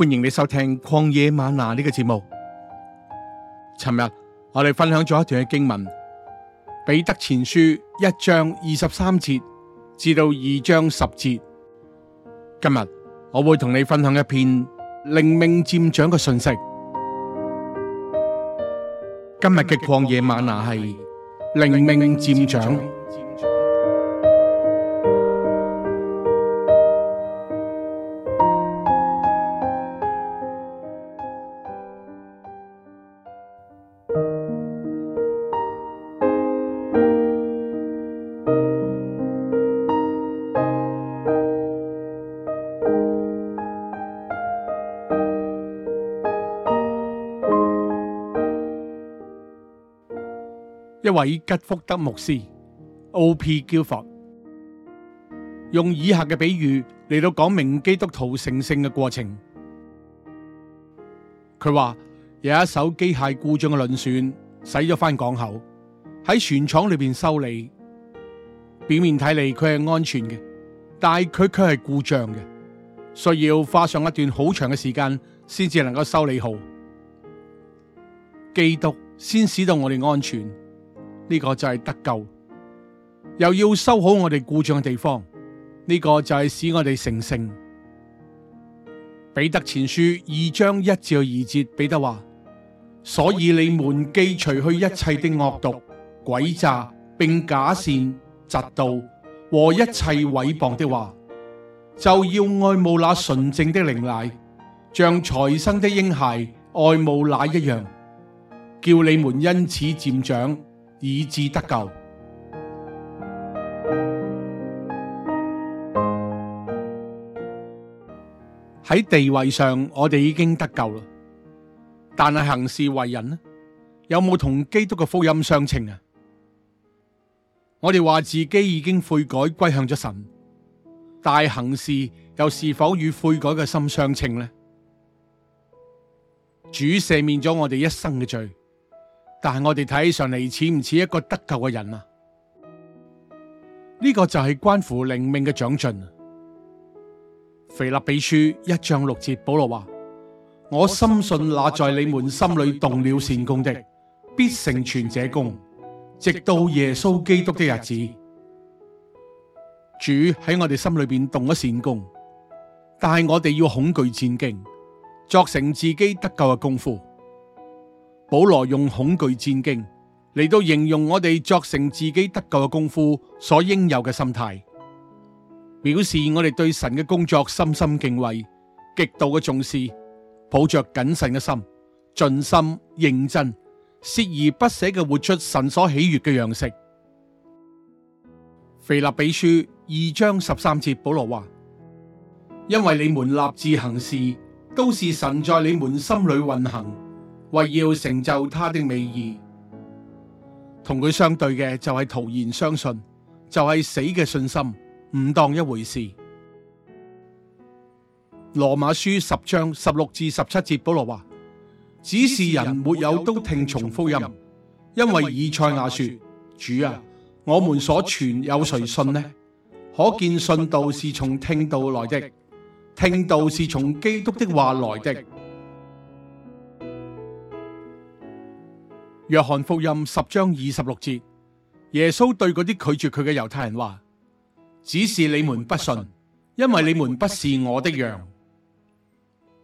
歡迎你收聽曠野嗎哪呢個節目。尋日我哋分享咗一段嘅經文，彼得前書一章二十三節至到二章十節。今日我會同你分享一篇靈命漸長嘅信息。今日嘅曠野嗎哪係靈命漸長。一位吉福德牧師 （O.P. Gifford） 用以下嘅比喻嚟，到講明基督徒成聖嘅過程。佢話有一艘機械故障嘅輪船，駛咗翻港口，喺船廠裏邊修理。表面睇嚟佢係安全嘅，但係佢卻係故障嘅，需要花上一段好長嘅時間先至能夠修理好。基督先使到我哋安全，呢個就係得救，又要修好我哋故障嘅地方。呢、這個就係使我哋成聖。彼得前書二章一至二節，彼得話：所以你們既除去一切的惡毒、詭詐，並假善、嫉妒和一切毀謗的話，就要愛慕那純正的靈奶，像才生的嬰孩愛慕奶一樣，叫你們因此漸長，以致得救。喺地位上，我哋已經得救啦。但係行事為人咧，有冇同基督嘅福音相稱啊？我哋話自己已經悔改歸向咗神，但係行事又是否與悔改嘅心相稱呢？主赦免咗我哋一生嘅罪。但係我哋睇上嚟似唔似一個得救嘅人啊？呢個就係關乎靈命嘅長進。腓立比書一章六節，保羅話：我深信那在你們心裏動了善工的，必成全這工，直到耶穌基督的日子。主喺我哋心裏邊動咗善工，但係我哋要恐懼戰兢，作成自己得救嘅功夫。保羅用恐懼戰兢嚟到形容我哋作成自己得救嘅功夫所應有嘅心態，表示我哋對神嘅工作深深敬畏、極度嘅重視，抱着謹慎嘅心、盡心認真、鍥而不舍嘅活出神所喜悅嘅樣式。腓立比書二章十三節，保羅話：因為你們立志行事，都是神在你們心裏運行。為要成就他的美意，同佢相對嘅就係徒然相信，就係、是、死嘅信心，唔當一回事。羅馬書十章十六至十七節，保羅話：只是人沒有都聽從福音，因為以賽亞說：主啊，我們所傳有誰信呢？可見信道是從聽道來的，聽道是從基督的話來的。約翰福音十章二十六節，耶穌對嗰啲拒絕佢嘅猶太人話：，只是你們不信，因為你們不是我的羊，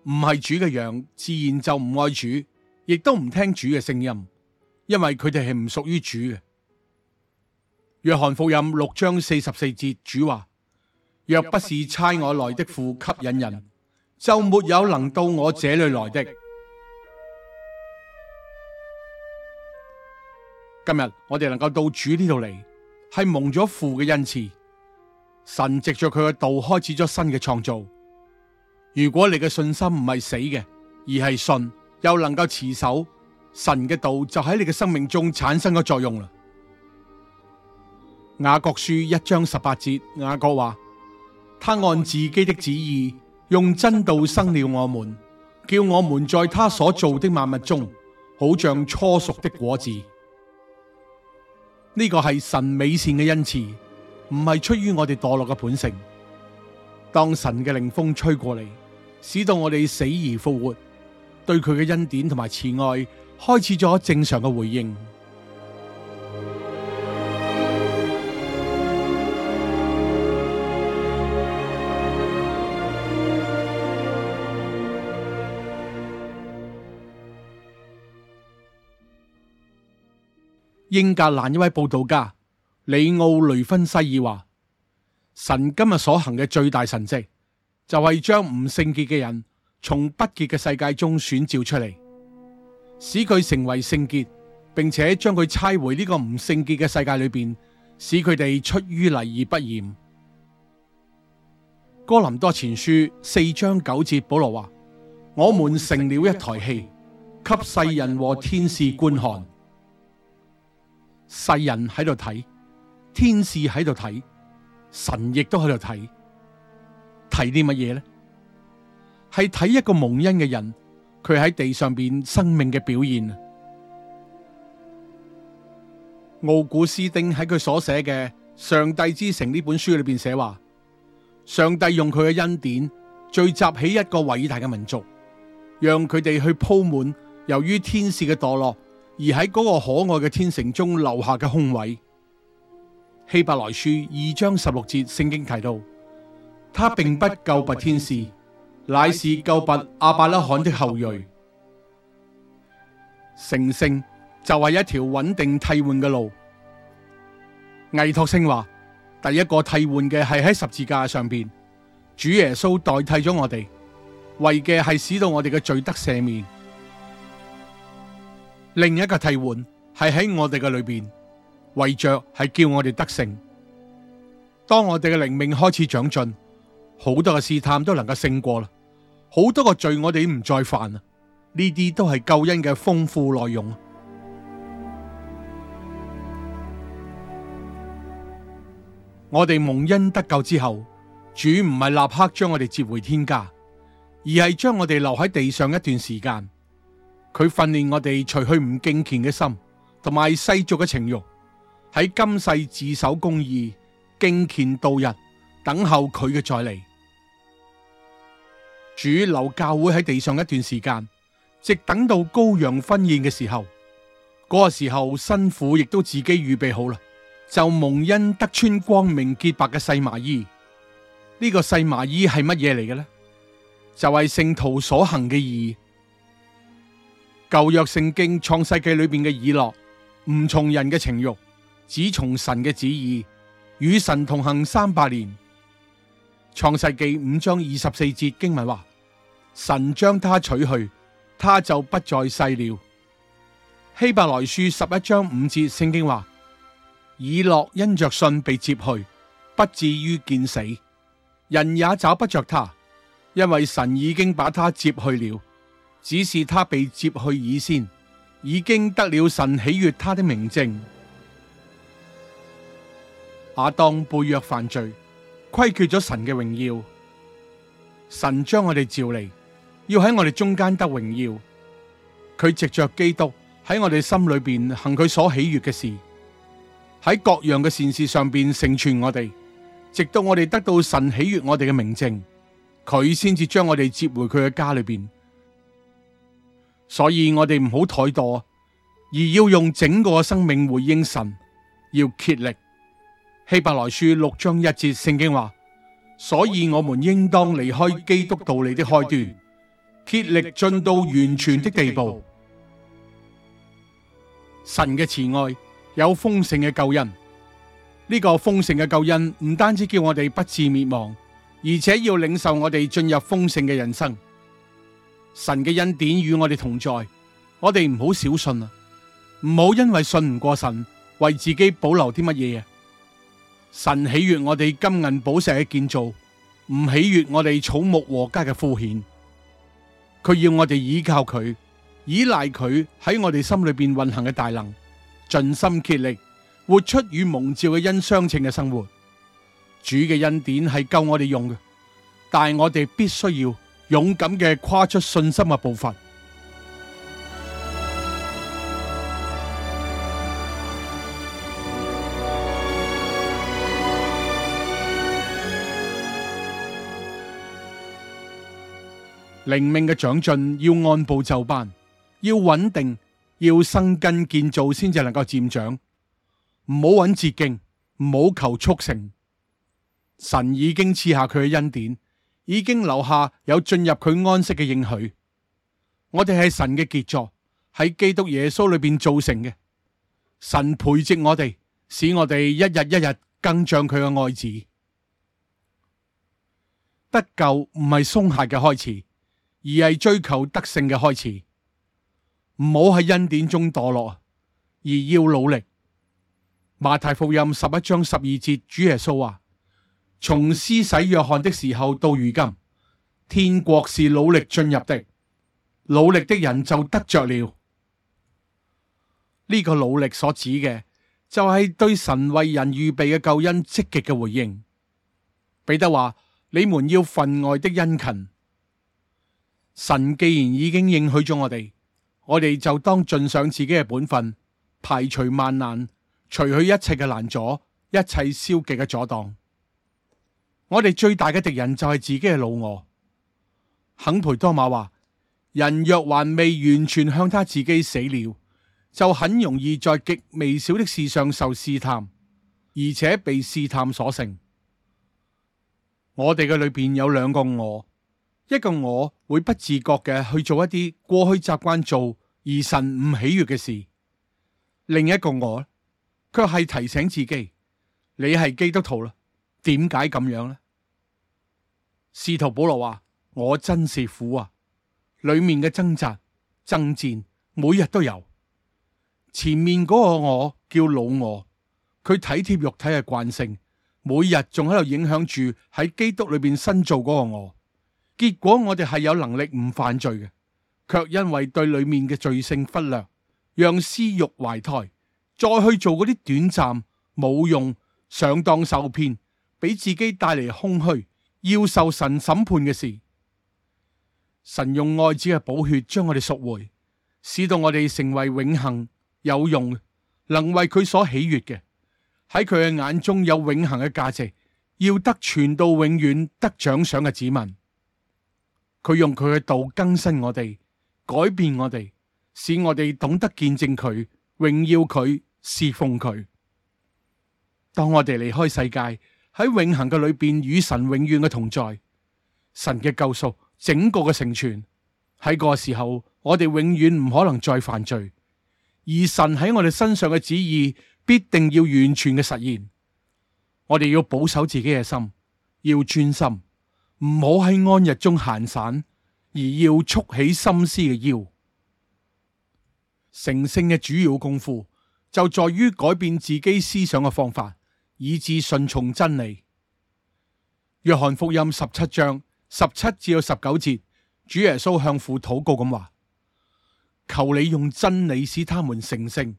唔係主嘅羊，自然就唔愛主，亦都唔聽主嘅聲音，因為佢哋係唔屬於主嘅。約翰福音六章四十四節，主話：，若不是差我來的父吸引人，就沒有能到我這裏來的。今日我哋能夠到主呢度嚟，係蒙咗父嘅恩慈。神藉着佢嘅道開始咗新嘅創造。如果你嘅信心唔係死嘅，而係信，又能夠持守神嘅道，就喺你嘅生命中產生咗作用啦。雅各書一章十八節，雅各話：，他按自己的旨意用真道生了我們，叫我們在他所造的萬物中，好像初熟的果子。呢個係神美善嘅恩賜，唔係出於我哋墮落嘅本性。當神嘅靈風吹過嚟，使到我哋死而復活，對佢嘅恩典同埋慈愛開始咗正常嘅回應。英格蘭一位報道家李奧雷芬西爾話：神今日所行嘅最大神蹟，就係將唔聖潔嘅人從不潔嘅世界中選召出嚟，使佢成為聖潔，並且將佢差回呢個唔聖潔嘅世界裏邊，使佢哋出於泥而不染。哥林多前書四章九節保羅話：我們成了一台戲，給世人和天使觀看。世人喺度睇，天使喺度睇，神亦都喺度睇，睇啲乜嘢呢？係睇一個蒙恩嘅人，佢喺地上邊生命嘅表現啊！奧古斯丁喺佢所寫嘅《上帝之城》呢本書裏邊寫話：上帝用佢嘅恩典聚集起一個偉大嘅民族，讓佢哋去鋪滿由於天使嘅墮落，而喺嗰個可愛嘅天城中留下嘅空位，希伯來書二章十六節聖經提到，他並不救拔天使，乃是救拔亞伯拉罕的後裔。成聖就係一條穩定替換嘅路。艾托聖話，第一個替換嘅係喺十字架上邊，主耶穌代替咗我哋，為嘅係使到我哋嘅罪得赦免。另一個替換係喺我哋嘅裏邊，為着係叫我哋得勝。當我哋嘅靈命開始長進，好多嘅試探都能夠勝過啦，好多個罪我哋唔再犯啊！呢啲都係救恩嘅豐富內容。我哋蒙恩得救之後，主唔係立刻將我哋接回天家，而係將我哋留喺地上一段時間。佢訓練我哋除去唔敬虔嘅心，同埋世俗嘅情欲，喺今世自守公義、敬虔度日，等候佢嘅再嚟。主留教會喺地上一段時間，直等到羔羊婚宴嘅時候，嗰、那個時候新婦，亦都自己預備好啦。就蒙恩得穿光明潔白嘅細麻衣。呢、這個細麻衣係乜嘢嚟嘅呢？就係、是、聖徒所行嘅義。舊約聖經創世紀裏邊嘅以諾，唔從人嘅情欲，只從神嘅旨意，與神同行三百年。創世紀五章二十四節經文話：神將他取去，他就不在世了。希伯來書十一章五節聖經話：以諾因着信被接去，不至於見死，人也找不着他，因為神已經把他接去了。只是他被接去以先，已經得了神喜悅他的明證。亞當背約犯罪，虧缺咗神嘅榮耀，神將我哋召嚟，要喺我哋中間得榮耀。佢藉着基督喺我哋心裏邊行佢所喜悅嘅事，喺各樣嘅善事上邊成全我哋，直到我哋得到神喜悅我哋嘅明證，佢先至將我哋接回佢嘅家裏邊。所以我哋唔好怠惰，而要用整個生命回應神，要竭力。希伯來書六章一節聖經話：所以我們應當離開基督道理的開端，竭力進到完全的地步。神嘅慈愛有豐盛嘅救恩，呢個豐盛嘅救恩唔單止叫我哋不至滅亡，而且要領受我哋進入豐盛嘅人生。神嘅恩典與我哋同在，我哋唔好小信啊！唔好因為信唔過神，為自己保留啲乜嘢。神喜悅我哋金銀寶石嘅建造，唔喜悅我哋草木和家嘅敷衍。佢要我哋依靠佢，依賴佢喺我哋心裏邊運行嘅大能，盡心竭力活出與蒙召嘅恩相稱嘅生活。主嘅恩典係夠我哋用嘅，但係我哋必須要，勇敢嘅跨出信心嘅步伐，靈命嘅長進要按部就班，要穩定，要生根建造，先至能夠漸長。唔好揾捷徑，唔好求速成。神已經賜下佢嘅恩典，已經留下有進入佢安息嘅應許，我哋係神嘅傑作，喺基督耶穌裏面造成嘅。神培植我哋，使我哋一日一日更像佢嘅愛子。得救唔係鬆懈嘅開始，而係追求得勝嘅開始。唔好喺恩典中墮落，而要努力。馬太福音十一章十二節，主耶穌話。從施洗約翰的時候到如今，天國是努力進入的，努力的人就得着了。呢、這個努力所指嘅就是對神為人預備嘅救恩積極嘅回應。彼得話：你們要分外的殷勤，神既然已經應許咗我哋，我哋就當盡上自己嘅本分，排除萬難，除去一切嘅難阻，一切消極嘅阻擋。我哋最大嘅敵人就係自己嘅老我。肯培多馬話：人若還未完全向他自己死了，就很容易在極微小的事上受試探，而且被試探所勝。我哋嘅裏邊有兩個我，一個我會不自覺嘅去做一啲過去習慣做而神唔喜悅嘅事，另一個我卻係提醒自己：你係基督徒啦，點解咁樣呢？使徒保羅話：我真是苦啊！裏面嘅掙扎、爭戰，每日都有。前面嗰個我叫老我，佢體貼肉體嘅慣性，每日仲喺度影響住喺基督裏邊新造嗰個我。結果我哋係有能力唔犯罪嘅，却因為對裏面嘅罪性忽略，讓私欲懷胎，再去做嗰啲短暫、冇用、上當受騙，俾自己帶嚟空虛。要受神審判嘅事，神用愛子嘅寶血將我哋贖回，使到我哋成為永恒有用，能為佢所喜悦嘅，喺佢嘅眼中有永恒嘅價值。要得傳到永遠得獎賞嘅子民，佢用佢嘅道更新我哋，改變我哋，使我哋懂得見證佢，榮耀佢，侍奉佢。當我哋離開世界，喺永恒嘅裏邊，與神永遠嘅同在，神嘅救贖，整個嘅成全，喺嗰時候，我哋永遠唔可能再犯罪，而神喺我哋身上嘅旨意必定要完全嘅實現。我哋要保守自己嘅心，要專心，唔好喺安逸中閒散，而要束起心思嘅腰。成聖嘅主要功夫，就在於改變自己思想嘅方法。以致順從真理。約翰福音十七章十七至十九節，主耶穌向父禱告咁話：求你用真理使他們成聖。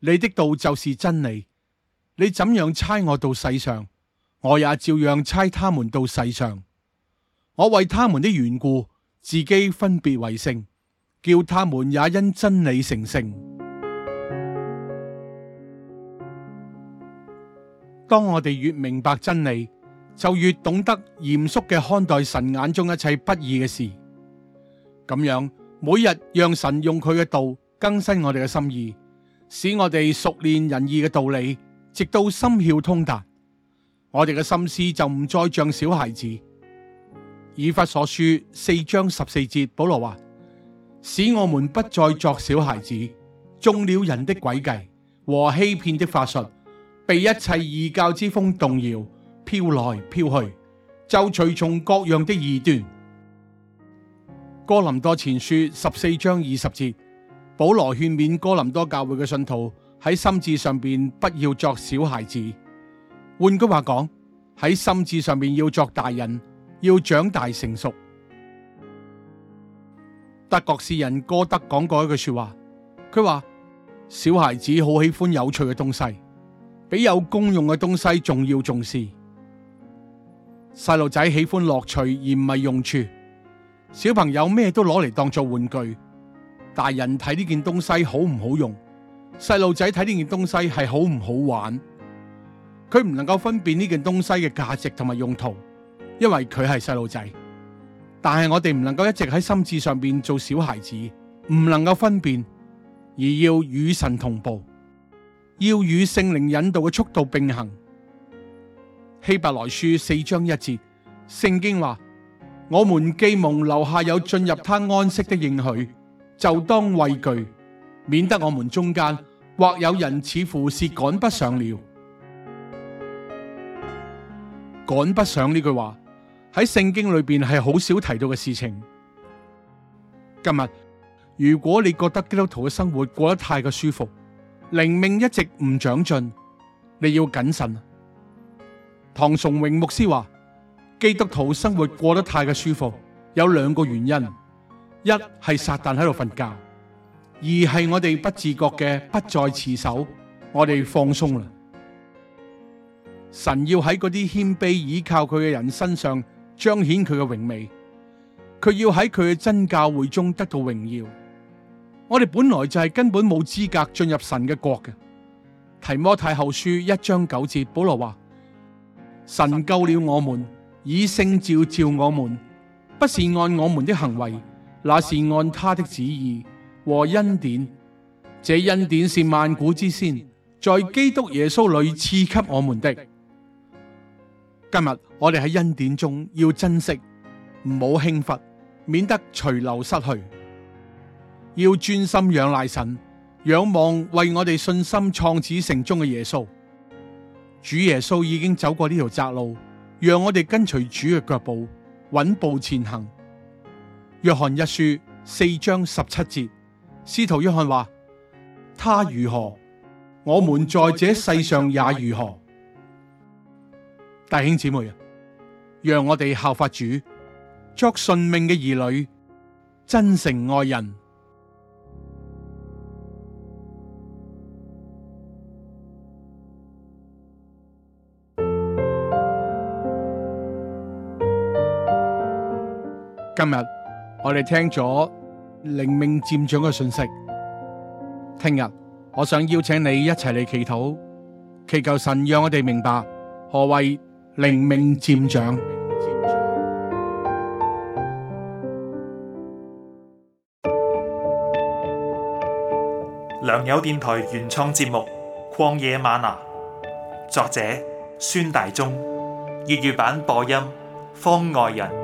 你的道就是真理。你怎樣差我到世上，我也照樣差他們到世上。我為他們的緣故，自己分別為聖，叫他們也因真理成聖。當我哋越明白真理，就越懂得嚴肅嘅看待神眼中一切不易嘅事。咁樣每日讓神用佢嘅道更新我哋嘅心意，使我哋熟練仁義嘅道理，直到心竅通達，我哋嘅心思就唔再像小孩子。以弗所書四章十四節，保羅話：使我們不再作小孩子，中了人的詭計和欺騙的法術。被一切異教之風動搖，飄來飄去，就隨從各樣的異端。哥林多前書十四章二十節，保羅勸勉哥林多教會嘅信徒喺心智上面不要作小孩子，換句話講，喺心智上面要作大人，要長大成熟。德國詩人歌德講過一句說話，佢話小孩子好喜歡有趣嘅東西。比有功用嘅東西仲要重視。細路仔喜歡樂趣而唔係用處。小朋友咩都攞嚟當做玩具，大人睇呢件東西好唔好用，細路仔睇呢件東西係好唔好玩。佢唔能夠分辨呢件東西嘅價值同埋用途，因為佢係細路仔。但係我哋唔能夠一直喺心智上邊做小孩子，唔能夠分辨，而要與神同步。要與聖靈引導嘅速度並行。希伯來書四章一節，聖經話：我們既蒙留下有進入他安息的應許，就當畏懼，免得我們中間或有人似乎是趕不上了。趕不上呢句話喺聖經裏邊係好少提到嘅事情。今日如果你覺得基督徒嘅生活過得太過舒服，靈命一直唔長進，你要謹慎。唐崇榮牧師話：基督徒生活過得太嘅舒服，有兩個原因，一係撒旦喺度瞓覺，二係我哋不自覺嘅不再持守，我哋放鬆啦。神要喺嗰啲謙卑依靠佢嘅人身上彰顯佢嘅榮美，佢要喺佢嘅真教會中得到榮耀。我哋本來就係根本冇資格進入神嘅國嘅。提摩太後書一章九節，保羅話：神救了我們，以聖召召我們，不是按我們的行為，那是按他的旨意和恩典。這恩典是萬古之先，在基督耶穌裏賜給我們的。今日我哋喺恩典中要珍惜，唔好輕忽，免得隨流失去。要專心仰賴神，仰望為我哋信心創始成終嘅耶穌。主耶穌已經走過呢條窄路，讓我哋跟隨主嘅腳步，穩步前行。約翰一書四章十七節，使徒約翰話：他如何，我們在這世上也如何。弟兄姊妹，讓我哋效法主，作順命嘅兒女，真誠愛人。今日我哋聽咗靈命漸長嘅信息，聽日我想邀請你一齊嚟祈禱，祈求神讓我哋明白何謂靈命漸長。良友電台原創節目《曠野嗎哪》，作者孫大中，粵語版播音方外人。